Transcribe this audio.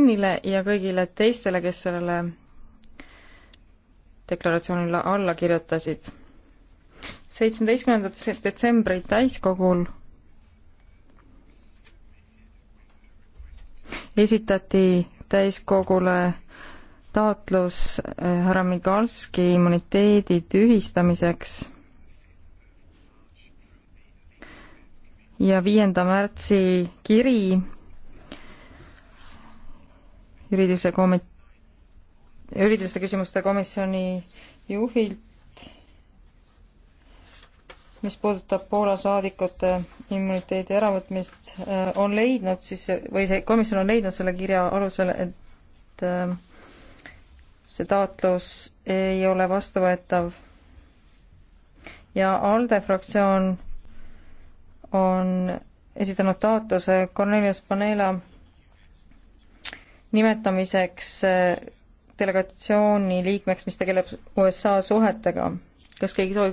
Lennile ja kõigile teistele, kes sellele deklaratsioonile alla kirjutasid. seitsmeteistkümnendat detsembri täiskogul esitati täiskogule taotlus eh, härra Migalski immuniteedi tühistamiseks ja viienda märtsi kiri juriidilise komi-, juriidiliste küsimuste komisjoni juhilt, mis puudutab Poola saadikute immuniteedi äravõtmist, äh, on leidnud siis, või see komisjon on leidnud selle kirja alusel, et äh, see taotlus ei ole vastuvõetav. ja ALDE fraktsioon on esitanud taotluse Cornelius Panela nimetamiseks äh, delegatsiooni liikmeks, mis tegeleb USA suhetega. kas keegi soovib